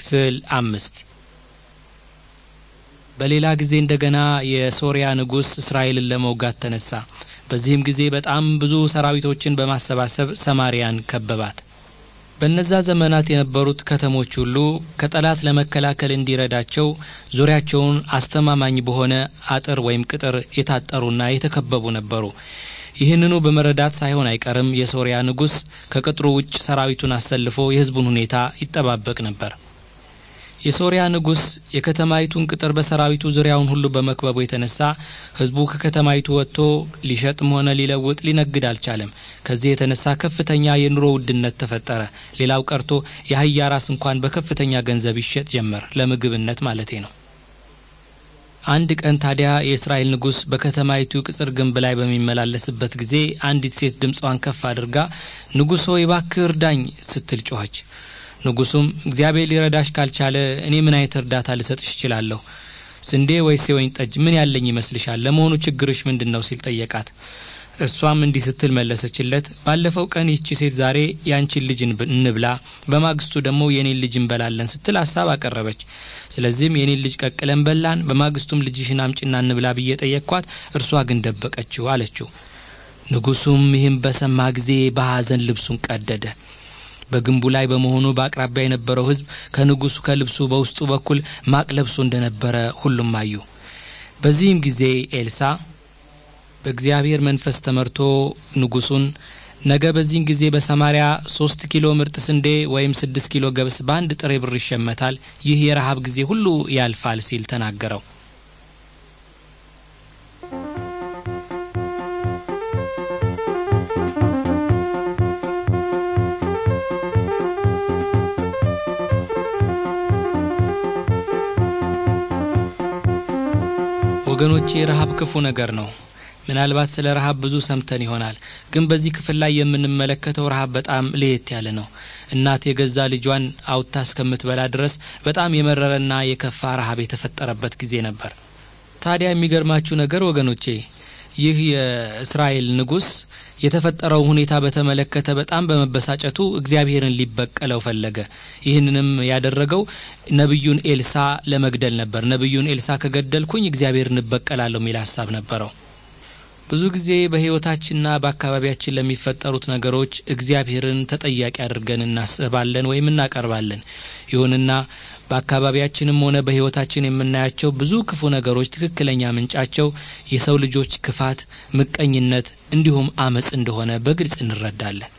ክፍል አምስት በሌላ ጊዜ እንደገና የሶሪያ ንጉሥ እስራኤልን ለመውጋት ተነሳ። በዚህም ጊዜ በጣም ብዙ ሰራዊቶችን በማሰባሰብ ሰማርያን ከበባት። በነዛ ዘመናት የነበሩት ከተሞች ሁሉ ከጠላት ለመከላከል እንዲረዳቸው ዙሪያቸውን አስተማማኝ በሆነ አጥር ወይም ቅጥር የታጠሩና የተከበቡ ነበሩ። ይህንኑ በመረዳት ሳይሆን አይቀርም የሶሪያ ንጉሥ ከቅጥሩ ውጭ ሰራዊቱን አሰልፎ የሕዝቡን ሁኔታ ይጠባበቅ ነበር። የሶሪያ ንጉስ የከተማይቱን ቅጥር በሰራዊቱ ዙሪያውን ሁሉ በመክበቡ የተነሳ ህዝቡ ከከተማይቱ ወጥቶ ሊሸጥም ሆነ ሊለውጥ ሊነግድ አልቻለም። ከዚህ የተነሳ ከፍተኛ የኑሮ ውድነት ተፈጠረ። ሌላው ቀርቶ የአህያ ራስ እንኳን በከፍተኛ ገንዘብ ይሸጥ ጀመር፣ ለምግብነት ማለቴ ነው። አንድ ቀን ታዲያ የእስራኤል ንጉስ በከተማይቱ ቅጽር ግንብ ላይ በሚመላለስበት ጊዜ አንዲት ሴት ድምጿን ከፍ አድርጋ ንጉሶ ሆይ እርዳኝ ስትል ጮኸች። ንጉሱም እግዚአብሔር ሊረዳሽ ካልቻለ እኔ ምን አይነት እርዳታ ልሰጥሽ እችላለሁ? ስንዴ ወይስ የወይን ጠጅ ምን ያለኝ ይመስልሻል? ለመሆኑ ችግርሽ ምንድን ነው? ሲል ጠየቃት። እርሷም እንዲህ ስትል መለሰችለት፣ ባለፈው ቀን ይቺ ሴት ዛሬ ያንቺን ልጅ እንብላ፣ በማግስቱ ደግሞ የኔን ልጅ እንበላለን ስትል ሀሳብ አቀረበች። ስለዚህም የኔን ልጅ ቀቅለን በላን፣ በማግስቱም ልጅሽን አምጪና እንብላ ብዬ ጠየቅኳት፣ እርሷ ግን ደበቀችው አለችው። ንጉሱም ይህም በሰማ ጊዜ በሐዘን ልብሱን ቀደደ። በግንቡ ላይ በመሆኑ በአቅራቢያ የነበረው ህዝብ ከንጉሱ ከልብሱ በውስጡ በኩል ማቅ ለብሶ እንደነበረ ሁሉም አዩ። በዚህም ጊዜ ኤልሳ በእግዚአብሔር መንፈስ ተመርቶ ንጉሱን ነገ በዚህን ጊዜ በሰማሪያ ሶስት ኪሎ ምርጥ ስንዴ ወይም ስድስት ኪሎ ገብስ በአንድ ጥሬ ብር ይሸመታል። ይህ የረሀብ ጊዜ ሁሉ ያልፋል ሲል ተናገረው። ወገኖቼ ረሃብ ክፉ ነገር ነው ምናልባት ስለ ረሃብ ብዙ ሰምተን ይሆናል ግን በዚህ ክፍል ላይ የምንመለከተው ረሃብ በጣም ለየት ያለ ነው እናት የገዛ ልጇን አውታ እስከምትበላ ድረስ በጣም የመረረና የከፋ ረሃብ የተፈጠረበት ጊዜ ነበር ታዲያ የሚገርማችሁ ነገር ወገኖቼ ይህ የእስራኤል ንጉስ የተፈጠረው ሁኔታ በተመለከተ በጣም በመበሳጨቱ እግዚአብሔርን ሊበቀለው ፈለገ። ይህንንም ያደረገው ነቢዩን ኤልሳ ለመግደል ነበር። ነቢዩን ኤልሳ ከገደልኩኝ እግዚአብሔር እንበቀላለሁ የሚል ሀሳብ ነበረው። ብዙ ጊዜ በሕይወታችንና በአካባቢያችን ለሚፈጠሩት ነገሮች እግዚአብሔርን ተጠያቂ አድርገን እናስባለን ወይም እናቀርባለን። ይሁንና በአካባቢያችንም ሆነ በሕይወታችን የምናያቸው ብዙ ክፉ ነገሮች ትክክለኛ ምንጫቸው የሰው ልጆች ክፋት፣ ምቀኝነት እንዲሁም አመፅ እንደሆነ በግልጽ እንረዳለን።